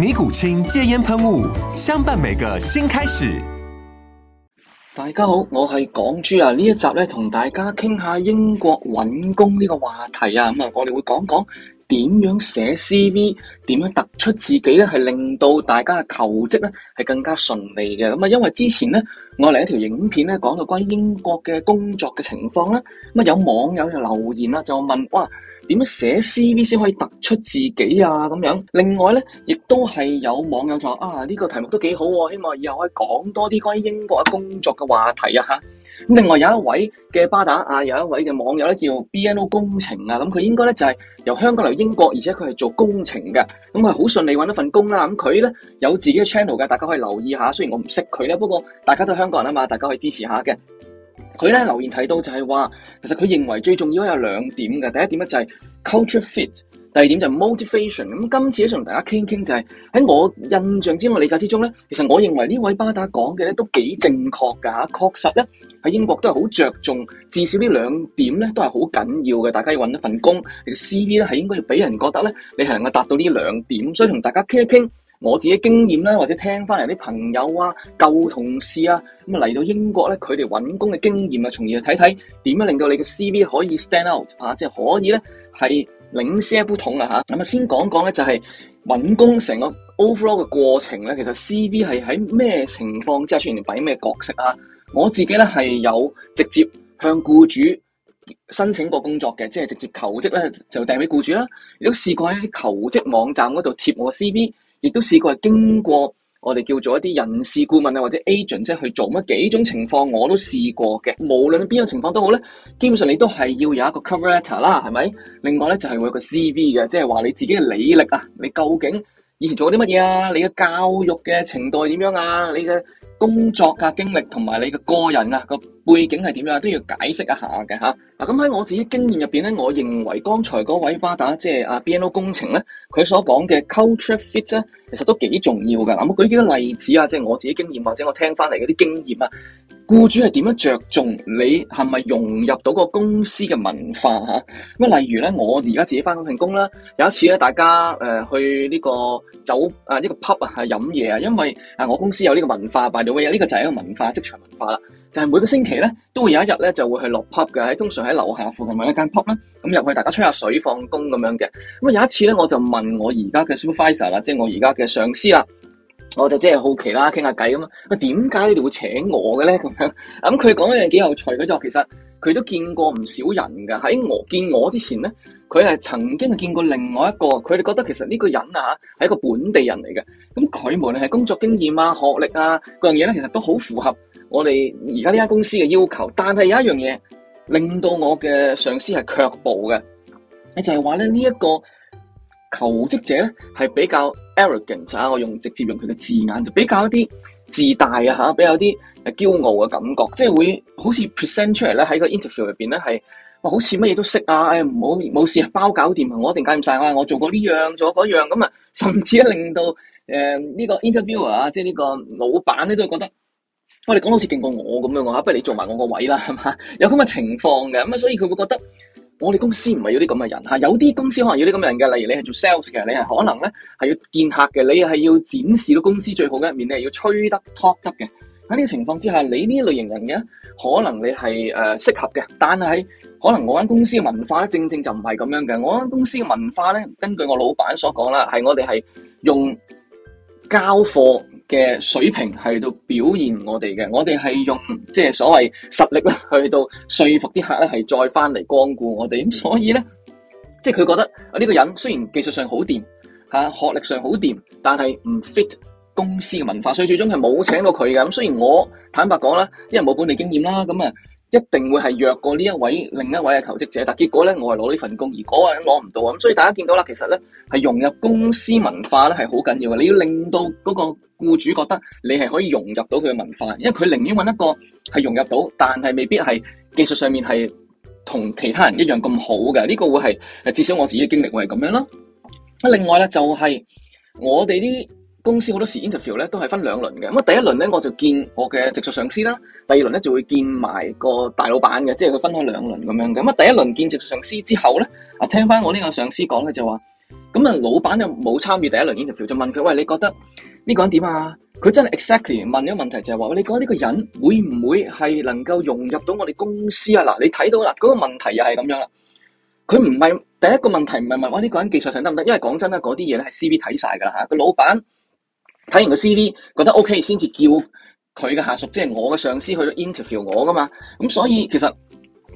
尼古清戒煙噴霧，相伴每個新開始。大家好，我係港豬啊！呢一集呢，同大家傾下英國搵工呢個話題咁、啊嗯、我哋會講講。點樣寫 CV？點樣突出自己咧？係令到大家嘅求職咧係更加順利嘅。咁啊，因為之前咧我嚟一條影片咧講到關於英國嘅工作嘅情況啦。咁啊，有網友就留言啦、啊，就問：哇，點樣寫 CV 先可以突出自己啊？咁樣。另外咧，亦都係有網友就話啊，呢、呢個題目都幾好、啊，希望以後可以講多啲關於英國嘅工作嘅話題啊吓。咁另外有一位嘅巴打啊，有一位嘅網友咧叫 BNO 工程啊，咁佢應該咧就係由香港嚟英國，而且佢係做工程嘅，咁佢好順利搵到份工啦。咁佢咧有自己嘅 channel 嘅，大家可以留意下。雖然我唔識佢呢，不過大家都香港人啊嘛，大家可以支持下嘅。佢咧留言睇到就係話，其實佢認為最重要有兩點嘅，第一點咧就係 culture fit。第二點就係 motivation，咁今次想同大家傾傾就係、是、喺我印象之內、理解之中咧，其實我認為這位的呢位巴打講嘅咧都幾正確㗎嚇，確實咧喺英國都係好着重，至少呢兩點咧都係好緊要嘅。大家要揾一份工，你嘅 CV 咧係應該要俾人覺得咧你係能夠達到呢兩點，所以同大家傾一傾我自己的經驗啦，或者聽翻嚟啲朋友啊、舊同事啊咁嚟到英國咧，佢哋揾工嘅經驗啊，從而睇睇點樣令到你嘅 CV 可以 stand out 啊，即、就、係、是、可以咧係。領 C F 桶啦吓，咁啊先講講咧就係、是、揾工成個 o v e r a l l 嘅過程咧，其實 C V 係喺咩情況之下，出現擺咩角色啊？我自己咧係有直接向僱主申請過工作嘅，即係直接求職咧就掟俾僱主啦。亦都試過喺求職網站嗰度貼我 C V，亦都試過係經過。我哋叫做一啲人事顧問啊，或者 agent 即去做乜幾種情況，我都試過嘅。無論邊個情況都好咧，基本上你都係要有一個 cover letter 啦，係咪？另外咧就係、是、會有個 CV 嘅，即係話你自己嘅履歷啊，你究竟以前做咗啲乜嘢啊？你嘅教育嘅程度係點樣啊？你嘅工作啊經歷同埋你嘅個人啊個。背景係點樣都要解釋一下嘅吓。嗱、啊，咁喺我自己的經驗入邊咧，我認為剛才嗰位巴打即係阿 B N O 工程咧，佢所講嘅 culture fit 咧，其實都幾重要噶。我舉幾個例子啊，即、就、係、是、我自己的經驗或者我聽翻嚟嗰啲經驗啊，雇主係點樣着重你係咪融入到個公司嘅文化吓。咁啊，例如咧，我而家自己翻份工啦。有一次咧，大家誒、呃、去呢個酒啊呢、這個 pub 啊飲嘢啊，因為啊我公司有呢個文化，by the way 啊，呢個就係一個文化職場文化啦。就係、是、每個星期咧，都會有一日咧，就會去落 pub 嘅，喺通常喺樓下附近揾一間 pub 啦，咁入去大家吹下水放工咁樣嘅。咁啊有一次咧，我就問我而家嘅 supervisor 啦，即係我而家嘅上司啦，我就即係好奇啦，傾下偈咁啊，點解你哋會請我嘅咧？咁樣咁佢講一樣幾有趣嘅就，其實佢都見過唔少人嘅。喺我見我之前咧，佢係曾經見過另外一個，佢哋覺得其實呢個人啊，係一個本地人嚟嘅。咁佢無論係工作經驗啊、學歷啊嗰樣嘢咧，其實都好符合。我哋而家呢間公司嘅要求，但係有一樣嘢令到我嘅上司係卻步嘅，就係話咧呢一，這個求職者咧係比較 arrogant，啊，我用直接用佢嘅字眼，就比較一啲自大啊吓，比較啲誒驕傲嘅感覺，即係會好似 present 出嚟咧喺個 interview 入邊咧係，哇，好似乜嘢都識啊，誒，哎，冇冇事啊，包搞掂啊，我一定搞掂晒啊，我做過呢樣，做嗰樣，咁啊，甚至咧令到誒呢，呃這個 interviewer 啊，即係呢個老闆咧都會覺得。哦、你我哋講到好似勁過我咁樣啊，不如你做埋我個位啦，係嘛？有咁嘅情況嘅，咁啊，所以佢會覺得我哋公司唔係要啲咁嘅人吓，有啲公司可能要啲咁嘅人嘅，例如你係做 sales 嘅，你係可能咧係要見客嘅，你係要展示到公司最好嘅一面，你係要吹得 talk 得嘅。喺呢個情況之下，你呢類型人嘅可能你係誒、呃、適合嘅，但係可能我間公司嘅文化咧正正就唔係咁樣嘅。我間公司嘅文化咧，根據我老板所講啦，係我哋係用交貨，嘅水平係度表現我哋嘅，我哋係用即係、就是、所謂實力啦，去到說服啲客咧，係再翻嚟光顧我哋。咁所以咧，即係佢覺得呢個人雖然技術上好掂嚇，學歷上好掂，但係唔 fit 公司嘅文化，所以最終係冇請到佢噶。咁雖然我坦白講啦，因為冇本地經驗啦，咁啊。一定會係弱過呢一位另一位嘅求職者，但結果咧，我係攞呢份工，而嗰個人攞唔到啊！咁所以大家見到啦，其實咧係融入公司文化咧係好緊要嘅，你要令到嗰個僱主覺得你係可以融入到佢嘅文化，因為佢寧願揾一個係融入到，但係未必係技術上面係同其他人一樣咁好嘅。呢、這個會係誒，至少我自己嘅經歷會係咁樣啦。另外咧就係、係、我哋啲。公司好多時 interview 咧都係分兩輪嘅。咁啊，第一輪咧我就見我嘅直屬上司啦，第二輪咧就會見埋個大老闆嘅，即係佢分開兩輪咁樣嘅。咁啊，第一輪見直屬上司之後咧，啊聽翻我呢個上司講咧就話，咁啊老闆又冇參與第一輪 interview，就問佢，喂，你覺得呢個人點啊？佢真係 exactly 問咗問題就係、是、話，你覺得呢個人會唔會係能夠融入到我哋公司啊？嗱，你睇到喇，嗰個問題又係咁樣啦。佢唔係第一個問題唔係問我呢、這個人技術上得唔得，因為講真啦，嗰啲嘢咧係 CV 睇晒㗎啦嚇，個老闆。睇完個 CV 覺得 OK 先至叫佢嘅下屬，即係我嘅上司去 interview 我噶嘛。咁所以其實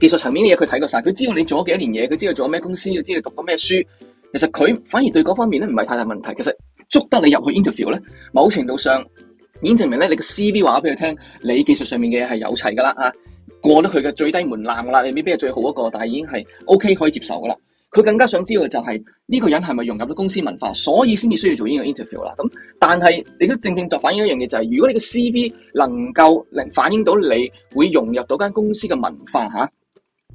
技術層面嘅嘢佢睇過晒，佢知道你做咗幾多年嘢，佢知道你做咗咩公司，佢知道你讀過咩書。其實佢反而對嗰方面咧唔係太大問題。其實捉得你入去 interview 咧，某程度上已經證明咧，你個 CV 話俾佢聽，你技術上面嘅嘢係有齊噶啦啊，過咗佢嘅最低門檻啦。你未必係最好的一個，但係已經係 OK 可以接受噶啦。佢更加想知道嘅就係、是、呢、這個人係咪融入咗公司文化，所以先至需要做呢個 interview 啦。咁，但係你都正正作反映一樣嘢、就是，就係如果你嘅 CV 能夠反映到你會融入到間公司嘅文化。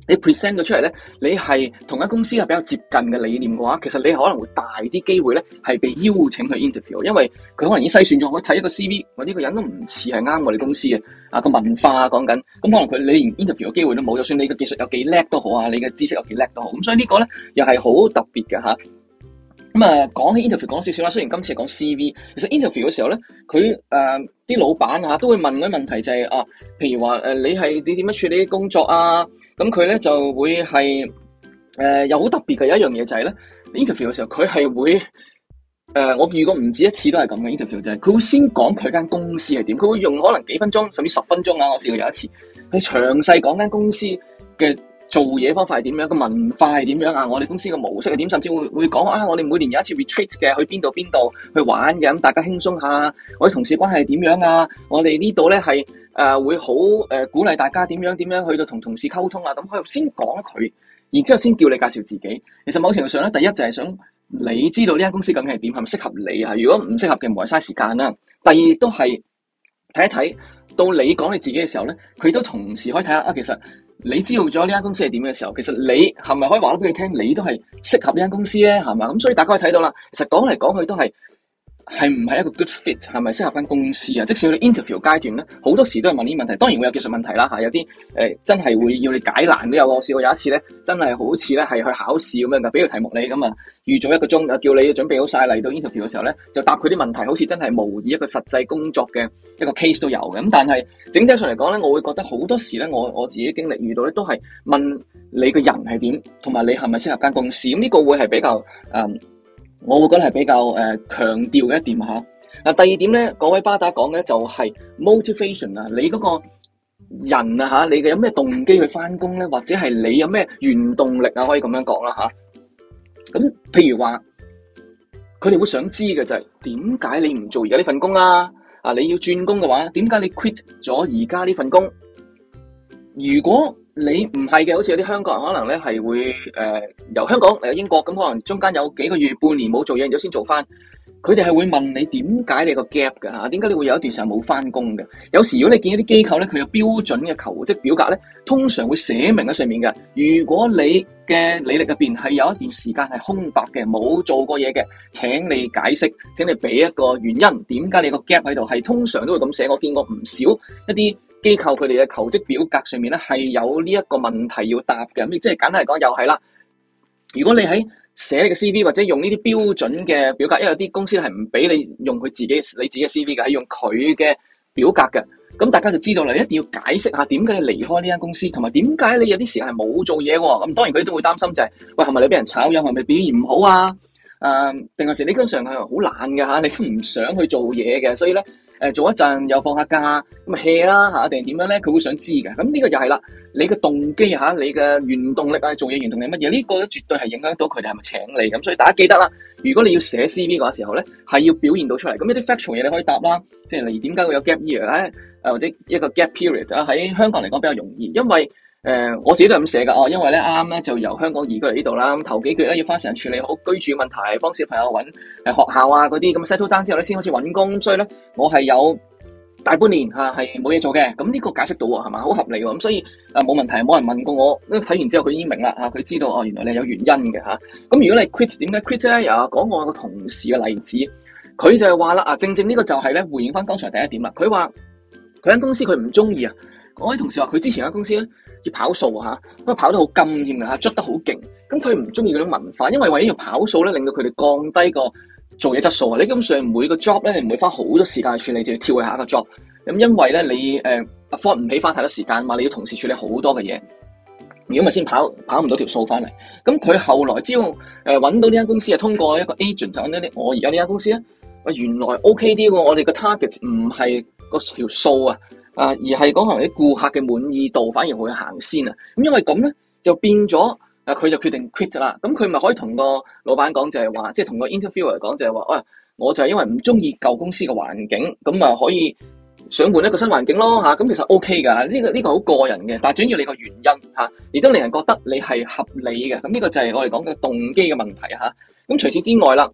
你 present 出嚟咧，你係同一公司啊比較接近嘅理念嘅話，其實你可能會大啲機會咧，係被邀請去 interview，因為佢可能已經篩選咗，我睇一個 CV，我呢個人都唔似係啱我哋公司嘅，啊個文化講緊，咁可能佢你連 interview 嘅機會都冇，就算你嘅技術有幾叻都好啊，你嘅知識有幾叻都好，咁所以個呢個咧又係好特別嘅嚇咁啊，講起 interview 講少少啦。雖然今次係講 CV，其實 interview 嘅時候咧，佢誒啲老闆啊都會問嗰啲問題，就是，就係啊，譬如話誒、呃，你係你點樣處理啲工作啊？咁佢咧就會係誒、又、呃、好特別嘅有一樣嘢就係、是、咧，interview 嘅時候佢係會誒、呃，我遇過唔止一次都係咁嘅 interview，就係、是、佢會先講佢間公司係點，佢會用可能幾分鐘甚至十分鐘啊，我試過有一次，佢詳細講間公司嘅。做嘢方法係點樣？個文化係點樣啊？我哋公司個模式係點？甚至會會講啊！我哋每年有一次 retreat 嘅，去邊度邊度去玩嘅，咁大家輕鬆下。我哋同事關係係點樣啊？我哋呢度咧係誒會好誒、呃、鼓勵大家點樣點樣去到同同事溝通啊？咁可以先講佢，然之後先叫你介紹自己。其實某程度上咧，第一就係想你知道呢間公司究竟係點，係咪適合你啊？如果唔適合嘅，唔係嘥時間啦。第二都係睇一睇到你講你自己嘅時候咧，佢都同時可以睇下啊，其實。你知道咗呢間公司係點嘅時候，其實你係咪可以話咗俾佢聽，你都係適合呢間公司呢？係咪？咁所以大家可以睇到啦，其實講嚟講去都係。係唔係一個 good fit？係咪適合間公司啊？即使你 interview 階段咧，好多時都係問呢啲問題。當然會有技術問題啦，吓有啲誒、呃，真係會要你解難都有。我試過有一次咧，真係好似咧係去考試咁樣嘅，俾個題目你咁啊，預早一個鐘，叫你準備好晒嚟到 interview 嘅時候咧，就答佢啲問題，好似真係模擬一個實際工作嘅一個 case 都有嘅。咁但係整體上嚟講咧，我會覺得好多時咧，我我自己經歷遇到咧，都係問你個人係點，同埋你係咪適合間公司。咁、嗯、呢、呢個會係比較誒。嗯我會覺得係比較誒、呃、強調嘅一點吓，嗱，第二點咧，嗰位巴打講嘅就係 motivation 啊，你嗰個人啊吓，你嘅有咩動機去返工咧，或者係你有咩原動力啊，可以咁樣講啦吓。咁譬如話，佢哋會想知嘅就係點解你唔做而家呢份工啊？啊，你要轉工嘅話，點解你 quit 咗而家呢份工？如果你唔係嘅，好似有啲香港人，可能咧係會誒、呃、由香港嚟到英國咁，可能中間有幾個月、半年冇做嘢，然之後先做翻。佢哋係會問你點解你個 gap 嘅吓？點解你會有一段時間冇翻工嘅？有時如果你見一啲機構咧，佢有標準嘅求職表格咧，通常會寫明喺上面嘅。如果你嘅履歷入邊係有一段時間係空白嘅，冇做過嘢嘅，請你解釋，請你俾一個原因，點解你個 gap 喺度？係通常都會咁寫。我見過唔少一啲機構佢哋嘅求職表格上面咧係有呢一個問題要答嘅，咁即係簡單嚟講又係啦。如果你喺寫你嘅 CV 或者用呢啲標準嘅表格，因為有啲公司係唔俾你用佢自己你自己嘅 CV 嘅，係用佢嘅表格嘅，咁大家就知道啦。你一定要解釋下點解你離開呢間公司，同埋點解你有啲時間係冇做嘢喎。咁當然佢都會擔心就係、是，喂，係咪你俾人炒咗？係咪表現唔好啊？誒、呃，定還是你經常係好懶㗎嚇？你都唔想去做嘢嘅，所以咧。誒做一陣又放下假咁啊 hea 啦嚇，定係點樣咧？佢會想知嘅。咁呢個就係啦，你嘅動機嚇，你嘅原動力啊，做嘢原動力乜嘢？呢個咧絕對係影響到佢哋係咪請你咁。所以大家記得啦，如果你要寫 CV 嘅時候咧，係要表現到出嚟。咁呢啲 factual 嘢你可以答啦，即係你點解會有 gap year 咧？誒或者一個 gap period 啊喺香港嚟講比較容易，因為，誒、呃，我自己都係咁寫噶哦，因為咧啱啱咧就由香港移居嚟呢度啦。咁頭幾月咧要花時間處理好居住問題，幫小朋友揾誒、呃、學校啊嗰啲咁 settle down 之後咧先開始揾工，所以咧我係有大半年吓係冇嘢做嘅。咁呢個解釋到啊，係咪？好合理咁、啊，所以冇、啊、問題，冇人問過我。睇完之後佢已經明啦吓，佢、啊、知道哦、啊，原來你有原因嘅吓。咁、啊、如果你 quit，點解 quit 咧？又講我個同事嘅例子，佢就係話啦啊，正正呢個就係咧回應翻剛才第一點啦。佢話佢喺公司佢唔中意啊，嗰位同事話佢之前喺公司咧。要跑數嚇，咁啊跑得好禁添啊，嚇，捉得好勁。咁佢唔中意嗰種文化，因為為咗要跑數咧，令到佢哋降低個做嘢質素啊！你基本上每個 job 咧，你唔會花好多時間去處理，就要跳去下一個 job。咁因為咧，你誒 afford 唔起花太多時間嘛，你要同時處理好多嘅嘢，如果咪先跑跑唔到條數翻嚟。咁佢後來只要誒揾到呢間公司啊，通過一個 agent 就我而家呢間公司咧，我原來 OK 啲喎，我哋個 target 唔係個條數啊。啊！而係講可能啲顧客嘅滿意度反而會行先啊。咁因為咁咧，就變咗啊，佢就決定 quit 啦。咁佢咪可以同個老闆講，就係、是、話，即係同個 interviewer 嚟講，就係話，喂，我就係因為唔中意舊公司嘅環境，咁啊可以想換一個新環境咯嚇。咁、啊、其實 OK 噶，呢、這個呢、這個好個人嘅，但係主要你個原因嚇，亦、啊、都令人覺得你係合理嘅。咁、啊、呢、這個就係我哋講嘅動機嘅問題嚇。咁、啊、除、啊、此之外啦，誒、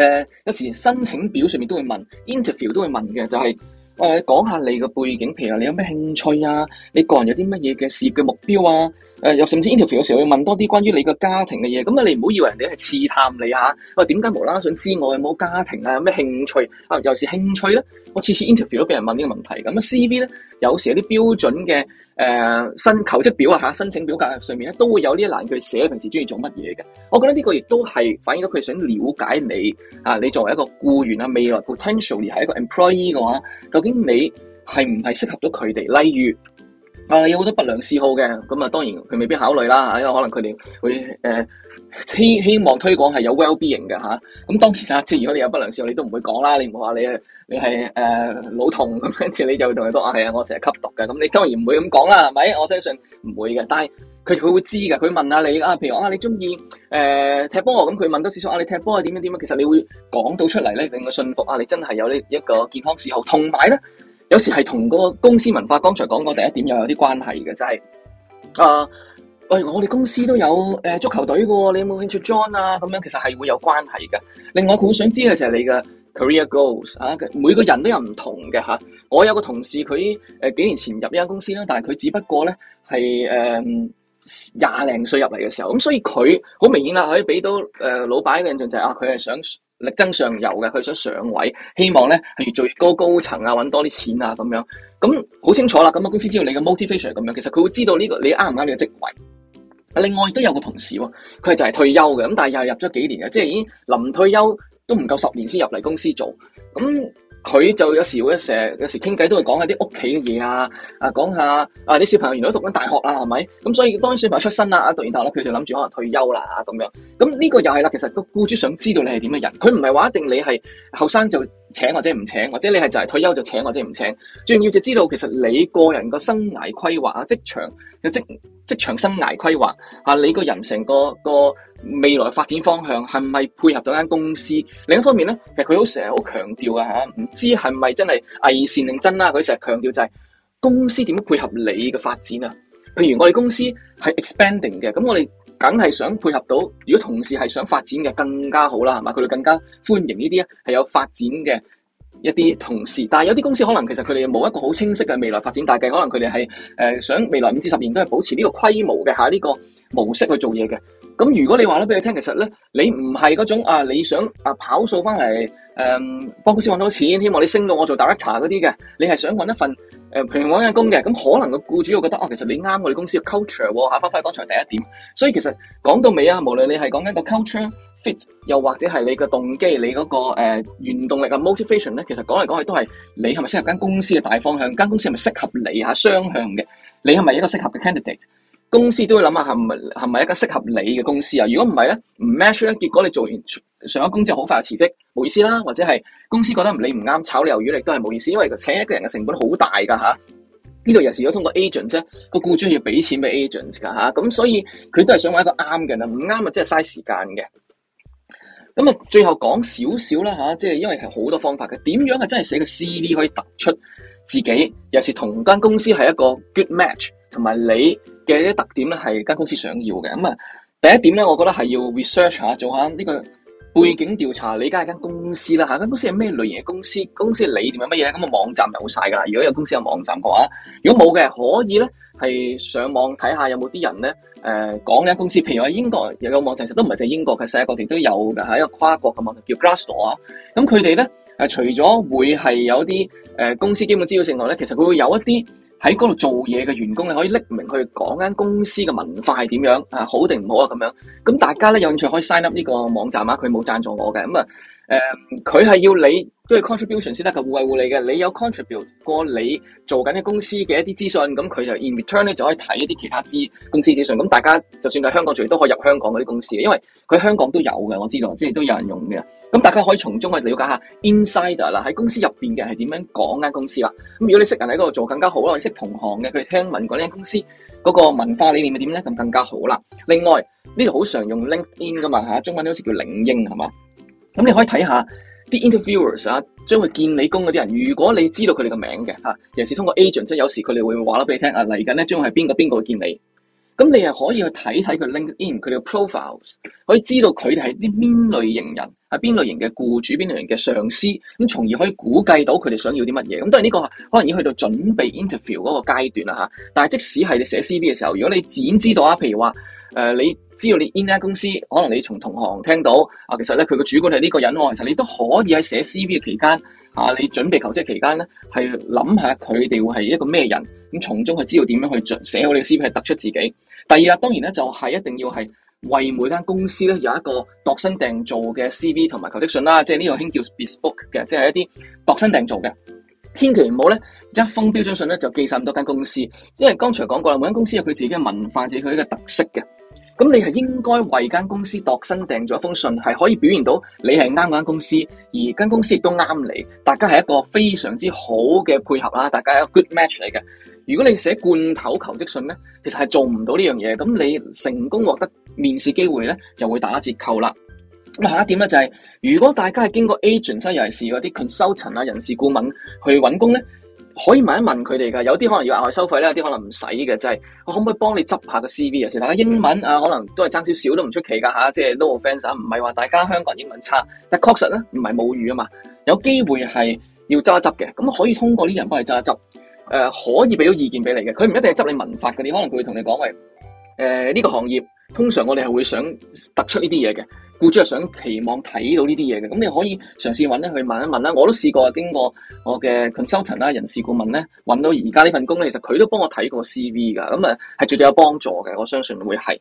呃、有時申請表上面都會問 interview 都會問嘅，就係、是。我講講下你個背景，譬如你有咩興趣啊？你個人有啲乜嘢嘅事業嘅目標啊？誒、呃，又甚至 interview 有時會問多啲關於你個家庭嘅嘢。咁啊，你唔好以為人哋係刺探你啊，喂、啊，點解無啦啦想知我有冇家庭啊？有咩興趣啊？又係興趣咧？我次次 interview 都俾人問呢個問題。咁啊，CV 咧有時有啲標準嘅。誒、呃、新求職表啊嚇，申請表格上面咧都會有呢一欄，佢哋寫平時中意做乜嘢嘅。我覺得呢個亦都係反映到佢哋想了解你啊，你作為一個僱員啊，未來 potential 而係一個 employee 嘅話，究竟你係唔係適合咗佢哋？例如。啊，有好多不良嗜好嘅，咁啊，當然佢未必考慮啦，吓，因為可能佢哋會誒希、呃、希望推廣係有 wellbeing 嘅吓，咁、啊、當然即如果你有不良嗜好，你都唔會講啦，你唔好話你你係誒腦痛咁，跟、呃、住你就同佢講，係啊，我成日吸毒嘅，咁你當然唔會咁講啦，係咪？我相信唔會嘅，但係佢佢會知噶，佢問下你啊，譬如啊，你中意誒踢波，咁佢問多少少啊，你踢波係點樣點樣，其實你會講到出嚟咧，令佢信服啊，你真係有呢一個健康嗜好，同埋咧。有時係同個公司文化，剛才講過第一點又有啲關係嘅，就係、是、誒、呃，喂，我哋公司都有誒足球隊喎，你有冇興趣 join 啊？咁樣其實係會有關係嘅。另外佢好想知嘅就係你嘅 career goals、啊、每個人都有唔同嘅吓、啊。我有個同事佢誒、呃、幾年前入呢間公司啦，但係佢只不過咧係誒廿零歲入嚟嘅時候，咁所以佢好明顯啦可以俾到誒、呃、老闆嘅印象就係、是、啊，佢係想力爭上游嘅，佢想上位，希望咧係越做越高高層啊，揾多啲錢啊咁樣。咁好清楚啦，咁個公司知道你嘅 motivation 咁樣，其實佢會知道呢、這個你啱唔啱你嘅職位。另外亦都有個同事喎，佢係就係退休嘅，咁但係又係入咗幾年嘅，即係已經臨退休都唔夠十年先入嚟公司做，咁。佢就有時會成日有時傾偈都會講下啲屋企嘅嘢啊，啊講下啊啲小朋友原來都讀緊大學啦，係咪？咁所以當小朋友出生啦，啊讀完大學佢就諗住可能退休啦，咁、啊、樣。咁呢個又係啦，其實個僱主想知道你係點嘅人，佢唔係話一定你係後生就請或者唔請，或者你係就係退休就請或者唔請。最重要就知道其實你個人個生涯規劃啊，職場嘅職職場生涯規劃啊，你個人成個個。個未來發展方向係咪配合到間公司？另一方面咧，其實佢好成日好強調嘅嚇，唔知係咪真係偽善定真啦？佢成日強調就係、是、公司點樣配合你嘅發展啊？譬如我哋公司係 expanding 嘅，咁我哋梗係想配合到，如果同事係想發展嘅更加好啦，係嘛？佢哋更加歡迎呢啲係有發展嘅。一啲同事，但係有啲公司可能其實佢哋冇一個好清晰嘅未來發展大計，可能佢哋係誒想未來五至十年都係保持呢個規模嘅嚇呢個模式去做嘢嘅。咁如果你話咧俾佢聽，其實咧你唔係嗰種啊，你想啊跑數翻嚟誒幫公司揾到錢希望你升到我做 director 嗰啲嘅，你係想揾一份誒平穩嘅工嘅，咁可能個僱主又覺得哦、啊，其實你啱我哋公司嘅 culture 嚇、啊，翻返去當場第一點。所以其實講到尾啊，無論你係講緊個 culture。fit，又或者係你嘅動機，你嗰、個誒、呃、原動力嘅 motivation 咧，其實講嚟講去都係你係咪適合間公司嘅大方向？間公司係咪適合你吓雙向嘅？你係咪一個適合嘅 candidate？公司都要諗下係咪係咪一個適合你嘅公司啊？如果唔係咧，唔 match 咧，結果你做完上咗工之後好快就辭職，冇意思啦。或者係公司覺得唔你唔啱，炒你魷魚你都係冇意思，因為請一個人嘅成本好大噶吓。呢度有陣如通過 agent 啫，個僱主要俾錢俾 agent 噶、啊、吓，咁所以佢都係想揾一個啱嘅啦，唔啱啊，即係嘥時間嘅。咁啊，最後講少少啦吓，即係因為係好多方法嘅，點樣啊真係寫個 CV 可以突出自己，又是同間公司係一個 good match，同埋你嘅一啲特點咧係間公司想要嘅。咁啊，第一點咧，我覺得係要 research 下，做下呢個。背景調查你而家係間公司啦嚇，間公司係咩類型嘅公司？公司理念係乜嘢咧？咁、那、啊、個、網站就好曬噶啦。如果有公司有網站嘅話，如果冇嘅，可以咧係上網睇、呃、下有冇啲人咧誒講呢間公司。譬如話英國有個網站，其實都唔係淨係英國嘅，世界各地都有嘅嚇。一個跨國嘅網站叫 Glassdoor 啊。咁佢哋咧誒，除咗會係有啲誒、呃、公司基本資料性外咧，其實佢會有一啲。喺嗰度做嘢嘅員工，你可以拎明佢講間公司嘅文化係點樣，啊好定唔好啊咁樣。咁大家咧有興趣可以 s i 呢個網站啊，佢冇贊助我嘅咁啊。誒、嗯，佢係要你都係 contribution 先得嘅互惠互利嘅。你有 contribute 過你做緊嘅公司嘅一啲資訊，咁佢就 in return 咧就可以睇一啲其他資公司資訊。咁大家就算喺香港做，都可以入香港嗰啲公司嘅，因為佢香港都有嘅，我知道，即係都有人用嘅。咁大家可以從中去了解下 insider 嗱，喺公司入邊嘅係點樣講間公司啦。咁如果你識人喺嗰度做更加好啦，你識同行嘅，佢哋聽聞嗰間公司嗰個文化理念係點咧，咁更加好啦。另外呢度好常用 LinkedIn 噶嘛，吓中文都好似叫領英係嘛。咁你可以睇下啲 interviewers 啊，將佢見你工嗰啲人，如果你知道佢哋個名嘅嚇，尤其是通過 agent，即係有時佢哋會話啦俾你聽啊，嚟緊咧將係邊個邊個見你。咁你又可以去睇睇佢 LinkedIn 佢哋嘅 profiles，可以知道佢哋係啲邊類型人，係邊類型嘅僱主，邊類型嘅上司，咁從而可以估計到佢哋想要啲乜嘢。咁當然呢個可能已經去到準備 interview 嗰個階段啦嚇。但即使係你寫 CV 嘅時候，如果你自然知道啊，譬如話。誒、呃，你知道你 in 呢間公司，可能你從同行聽到啊，其實咧佢個主管係呢個人喎。其實你都可以喺寫 CV 嘅期間，啊，你準備求職期間咧，係諗下佢哋會係一個咩人，咁從中去知道點樣去寫好你嘅 CV，突出自己。第二啊，當然咧就係、是、一定要係為每間公司咧有一個度身訂造嘅 CV 同埋求職信啦，即係呢個興叫 Bespoke 嘅，即係一啲度身訂造嘅。千祈唔好咧，一封標準信咧就寄晒咁多間公司，因為剛才講過啦，每間公司有佢自己嘅文化，自己佢嘅特色嘅。咁你係應該為間公司度身訂咗一封信，係可以表現到你係啱嗰間公司，而間公司亦都啱你，大家係一個非常之好嘅配合啦。大家係一個 good match 嚟嘅。如果你寫罐頭求職信咧，其實係做唔到呢樣嘢。咁你成功獲得面試機會咧，就會打折扣啦。咁下一點咧就係、是，如果大家係經過 agent 即係人事嗰啲 consultant 啊、人事顧問去揾工咧。可以問一問佢哋噶，有啲可能要額外收費咧，有啲可能唔使嘅，就係、是、我可唔可以幫你執下個 CV 啊？先，大家英文啊，可能都係爭少少都唔出奇噶嚇，即係都 no offense 唔係話大家香港人英文差，但確實咧唔係母語啊嘛，有機會係要揸執嘅，咁可以通過呢啲人幫你揸執、呃，可以俾到意見俾你嘅，佢唔一定係執你文法嗰啲，你可能會同你講喂，呢、呃呢個行業通常我哋係會想突出呢啲嘢嘅。僱主想期望睇到呢啲嘢嘅，咁你可以嘗試揾咧去問一問啦。我都試過啊，經過我嘅 consultant 啦、人事顧問咧，揾到而家呢份工呢，其實佢都幫我睇過 CV 㗎，咁啊係絕對有幫助嘅，我相信會係。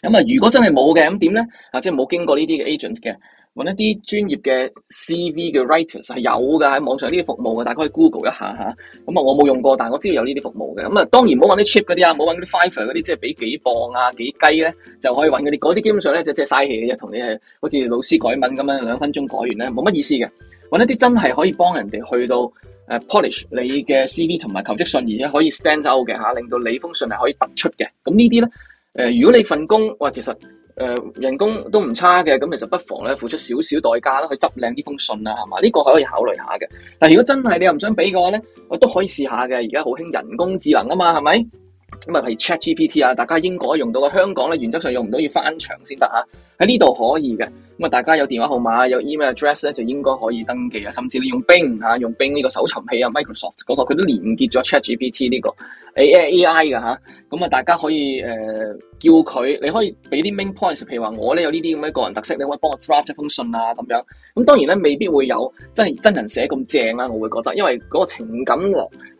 咁啊，如果真係冇嘅，咁點咧？啊，即係冇經過呢啲嘅 agent 嘅。揾一啲專業嘅 CV 嘅 writers，係有噶喺網上呢啲服務嘅，大家可以 Google 一下嚇。咁、嗯、啊，我冇用過，但我知道有呢啲服務嘅。咁、嗯、啊，當然唔好揾啲 cheap 嗰啲啊，唔好揾啲 Fiverr 嗰啲，即係俾幾磅啊幾雞咧就可以揾嗰啲，嗰啲基本上咧即係即係嘥氣嘅，同你係好似老師改文咁樣兩分鐘改完咧，冇乜意思嘅。揾一啲真係可以幫人哋去到誒、呃、polish 你嘅 CV 同埋求職信，而且可以 stand out 嘅嚇，令到你封信係可以突出嘅。咁、嗯、呢啲咧誒，如果你份工，哇、呃，其實～誒、呃，人工都唔差嘅，咁其實不妨咧付出少少代價啦，去執靚呢封信啦係嘛？呢、呢個係可以考慮下嘅。但係如果真係你又唔想俾嘅話咧，我都可以試下嘅。而家好興人工智能啊嘛，係咪？咁啊，譬如 ChatGPT 啊，大家英國用到嘅，香港咧原則上用唔到，要翻牆先得吓。啊喺呢度可以嘅，咁啊大家有電話號碼，有 email address 咧，就應該可以登記啊。甚至你用 Bing 嚇、啊，用 Bing 呢個搜尋器啊，Microsoft 嗰、嗰個，佢都連結咗 ChatGPT 呢、呢個 AI AI 嘅吓，咁啊，大家可以誒、呃、叫佢，你可以俾啲 main points，譬如話我咧有呢啲咁嘅個人特色，你可以幫我 draft 一封信啊咁樣，咁、啊、當然咧，未必會有真係真人寫咁正啦，我會覺得，因為嗰個情感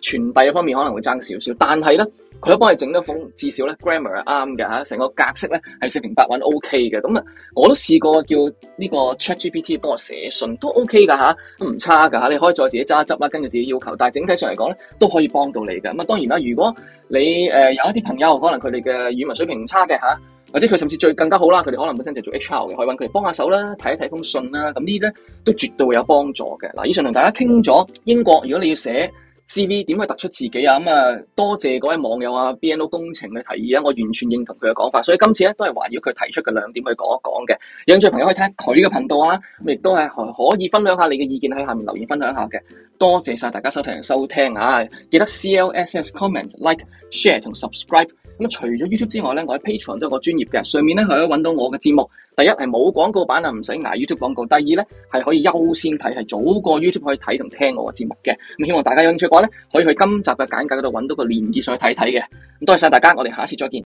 傳遞嘅方面可能會爭少少。但係咧，佢都幫你整咗封，至少咧 grammar 係啱嘅吓，成、啊、個格式咧係四平八穩 OK 嘅咁啊。我都試過叫呢個 ChatGPT 幫我寫信，都 OK 噶吓，都唔差噶吓。你可以再自己揸執啦，根據自己要求。但係整體上嚟講咧，都可以幫到你噶。咁啊，當然啦，如果你誒有一啲朋友，可能佢哋嘅語文水平唔差嘅吓，或者佢甚至最更加好啦，佢哋可能本身就做 HR 嘅，可以揾佢哋幫下手啦，睇一睇封信啦。咁呢啲咧，都絕對會有幫助嘅。嗱，以上同大家傾咗英國，如果你要寫，C V 點去突出自己啊？咁、嗯、啊，多謝嗰位網友啊，B N O 工程嘅提議啊，我完全認同佢嘅講法，所以今次咧都係圍繞佢提出嘅兩點去講一講嘅。有興趣朋友可以睇下佢嘅頻道啊，咁亦都可以分享一下你嘅意見，喺下面留言分享一下嘅。多謝晒大家收聽收聽啊！記得 C L S S comment like share 同 subscribe。咁除咗 YouTube 之外咧，我喺 Patreon 都有個專頁嘅，上面咧，可以搵到我嘅節目。第一係冇廣告版啊，唔使挨 YouTube 廣告。第二咧係可以優先睇，係早過 YouTube 可以睇同聽我嘅節目嘅。咁希望大家有興趣嘅話咧，可以去今集嘅簡介嗰度搵到個鏈接上去睇睇嘅。咁多謝晒大家，我哋下次再見。